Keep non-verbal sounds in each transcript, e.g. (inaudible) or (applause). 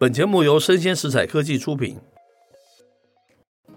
本節目由聲鮮時采科技出品，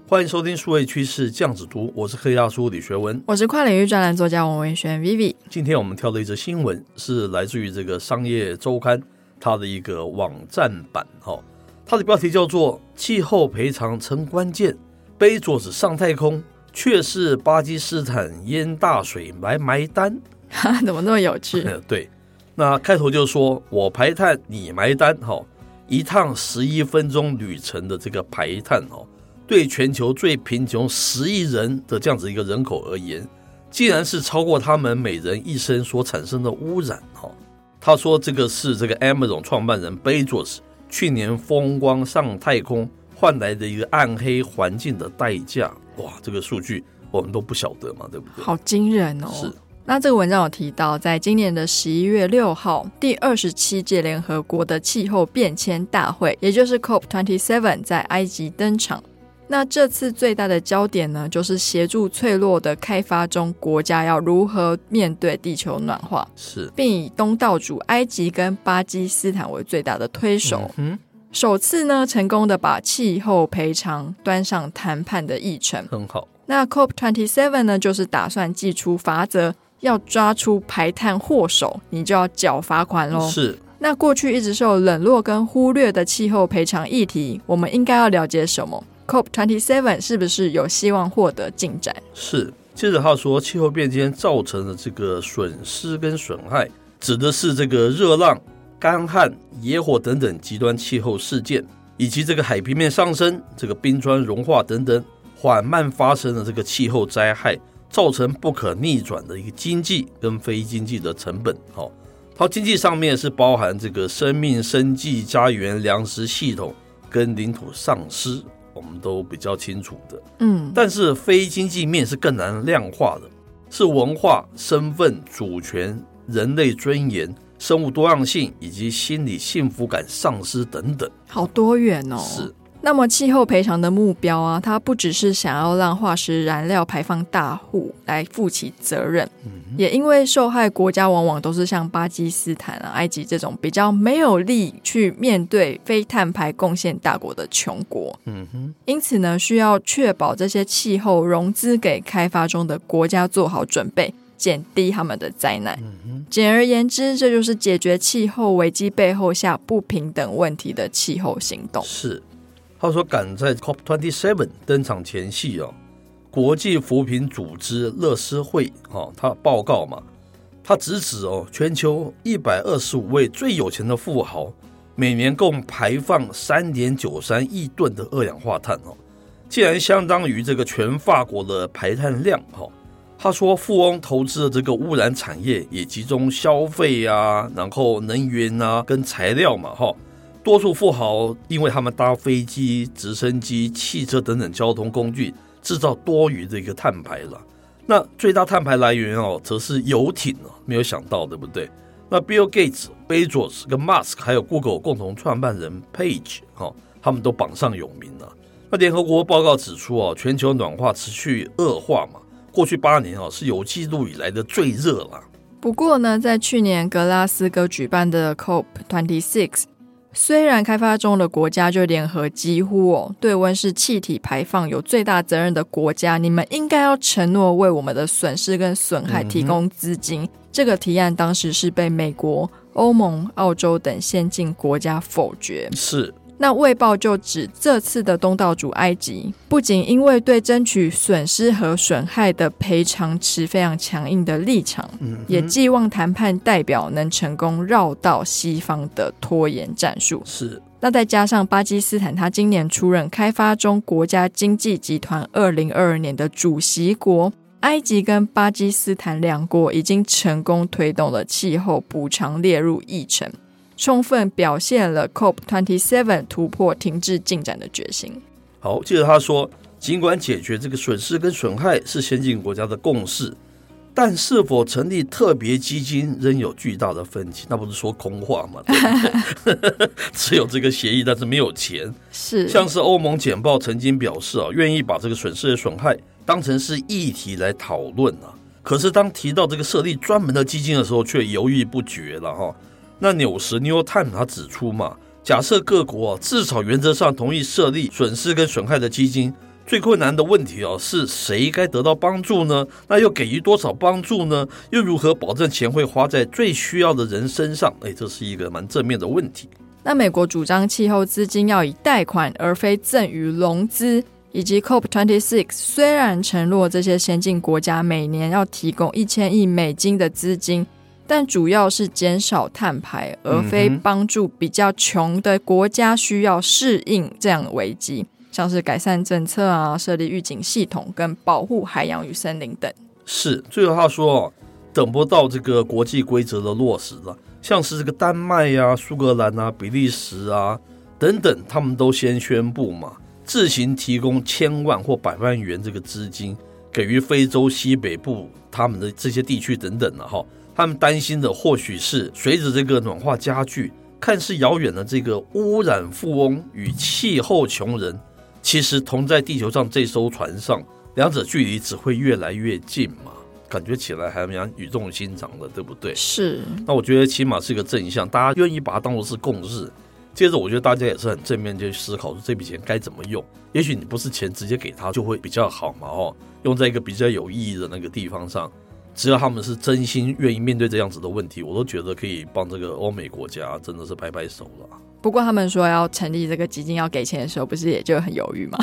歡迎收聽數位趨勢醬子讀，我是科技大叔李學文，我是跨領域專欄作家王文軒 Vivi。今天我們挑的一則新聞是來自於這個《商業周刊》它的一個網站版哈、哦，它的標題叫做“氣候賠償成關鍵，貝佐斯上太空，卻是巴基斯坦淹大水埋埋單”。哈，怎麼那麼有趣、哎？對，那開頭就說“我排碳，你埋單”哈、哦。一趟十一分鐘旅程的這個排碳哦，對全球最貧窮十億人的這樣子一個人口而言，竟然是超過他們每人一生所產生的汙染哦。他說這個是這個 Amazon 創辦人 Bezos 去年風光上太空換來的一個暗黑環境的代價。哇，這個數據我們都不曉得嘛，對不對？好驚人哦！是。那這個文章有提到，在今年的十一月六號，第二十七屆聯合國的氣候變遷大會，也就是 COP27，在埃及登場。那這次最大的焦點呢，就是協助脆弱的開發中國家要如何面對地球暖化，是，並以東道主埃及跟巴基斯坦為最大的推手，嗯、首次呢成功的把氣候賠償端上談判的議程。很好。那 COP27 呢，就是打算祭出法則。要抓出排碳禍首，你就要繳罰款嘍。是，那過去一直受冷落跟忽略的氣候賠償議題，我們應該要了解什麼？COP27 是不是有希望獲得進展？是。接着他說，氣候變遷造成的這個損失跟損害，指的是這個熱浪、乾旱、野火等等極端氣候事件，以及這個海平面上升、這個冰川融化等等緩慢發生的這個氣候災害。造成不可逆轉的一個經濟跟非經濟的成本，好、哦，它經濟上面是包含這個生命、生計、家園、糧食系統跟領土喪失，我們都比較清楚的，嗯，但是非經濟面是更難量化的，是文化、身份、主權、人類尊嚴、生物多樣性以及心理幸福感喪失等等，好多元哦。是。那麼氣候賠償的目標啊，它不只是想要讓化石燃料排放大戶來負起責任，嗯哼。也因為受害國家往往都是像巴基斯坦啊、埃及這種比較沒有力去面對非碳排貢獻大國的窮國。嗯哼。因此呢，需要確保這些氣候融資給開發中的國家做好準備，減低他們的災難。嗯哼。簡而言之，這就是解決氣候危機背後下不平等問題的氣候行動。是。他說，趕在 COP27 登場前夕啊、哦，國際扶貧組織樂施會他、哦、報告嘛，他直指哦，全球一百二十五位最有錢的富豪，每年共排放三點九三億噸的二氧化碳哦，既然相當於這個全法國的排碳量哈。他、哦、說，富翁投資的這個污染產業也集中消費呀、啊，然後能源啊跟材料嘛哈。哦多數富豪因為他們搭飛機、直升機、汽車等等交通工具，製造多餘的一個碳排了。那最大碳排來源哦，則是遊艇哦、啊，沒有想到對不對？那 Bill Gates、Bezos 跟 Musk 還有 Google 共同創辦人 Page 哈、哦，他們都榜上有名了。那聯合國報告指出哦，全球暖化持續惡化嘛，過去八年哦是有記錄以來的最熱了。不過呢，在去年格拉斯哥舉辦的 COP 26。e Six。雖然開發中的國家就聯合幾乎哦，對溫室氣體排放有最大責任的國家，你們應該要承諾為我們的損失跟損害提供資金。嗯、哼這個提案當時是被美國、歐盟、澳洲等先進國家否決。是。那《衛報》就指，這次的東道主埃及不僅因為對爭取損失和損害的賠償持非常強硬的立場，嗯、哼也寄望談判代表能成功繞道西方的拖延戰術。是。那再加上巴基斯坦，他今年出任開發中國家經濟集團二零二二年的主席國，埃及跟巴基斯坦兩國已經成功推動了氣候補償列入議程。充分表現了 COP 27突破停滯進展的決心。好，接着他說，儘管解決這個損失跟損害是先進國家的共識，但是否成立特別基金仍有巨大的分歧。那不是說空話嗎？ (laughs) (laughs) 只有這個協議，但是沒有錢。是，像是歐盟簡報曾經表示啊，願意把這個損失的損害當成是議題來討論啊，可是當提到這個設立專門的基金的時候，卻猶豫不決了哈。那紐時紐坦他指出嘛，假設各國至少原則上同意設立損失跟損害的基金，最困難的問題哦，是誰該得到幫助呢？那又給予多少幫助呢？又如何保證錢會花在最需要的人身上？哎、欸，這是一個蠻正面的問題。那美國主張氣候資金要以貸款而非贈與融資，以及 COP Twenty Six 雖然承諾這些先進國家每年要提供一千億美金的資金。但主要是減少碳排，而非幫助比較窮的國家需要適應這樣的危機，像是改善政策啊、設立預警系統跟保護海洋與森林等。是，最後他說，等不到這個國際規則的落實了。像是這個丹麥呀、啊、蘇格蘭啊、比利時啊等等，他們都先宣布嘛，自行提供千萬或百萬元這個資金，給予非洲西北部他們的這些地區等等的哈。他們擔心的或許是隨着這個暖化加劇，看似遙遠的這個污染富翁與氣候窮人，其實同在地球上這艘船上，兩者距離只會越來越近嘛？感覺起來還蠻語重心長的，對不對？是。那我覺得起碼是一個正向，大家願意把它當做是共事。接着，我覺得大家也是很正面就思考說這筆錢該怎麼用。也許你不是錢直接給他就會比較好嘛？哦，用在一個比較有意義的那個地方上。只要他們是真心願意面對這樣子的問題，我都覺得可以幫這個歐美國家，真的是拍拍手了。不過他們說要成立這個基金要給錢的時候，不是也就很猶豫嗎？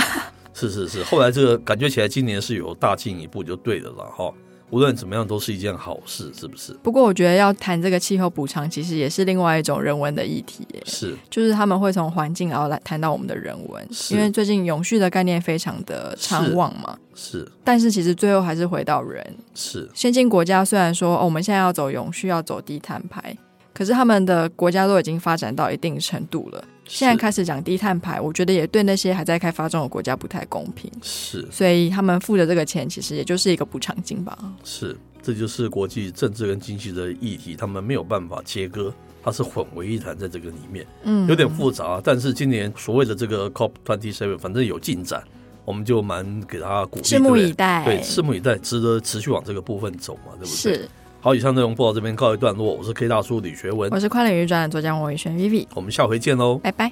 是是是，後來這個感覺起來今年是有大進一步就對了啦哈。無論怎麼樣，都是一件好事，是不是？不過，我覺得要談這個氣候補償，其實也是另外一種人文的議題、欸。是，就是他們會從環境，然後來談到我們的人文。是。因為最近永續的概念非常的暢旺嘛。是，是，但是其實最後還是回到人。是，先進國家雖然說、哦、我們現在要走永續，要走低碳排可是他們的國家都已經發展到一定程度了，現在開始講低碳排，是，我覺得也對那些還在開發中的國家不太公平。是，所以他們付的這個錢其實也就是一個補償金吧。是，這就是國際政治跟經濟的議題，他們沒有辦法切割，它是混為一談在這個裡面，嗯，有點複雜啊，但是今年所謂的這個 COP 27，反正有進展，我們就蠻給他鼓勵，拭目以待。對，拭目以待，值得持續往這個部分走嘛？對不對？是。好，以上內容播到這邊告一段落。我是 K 大叔李學文，我是快樂專欄作家江偉軒 Vivi，我們下回見嘍，拜拜。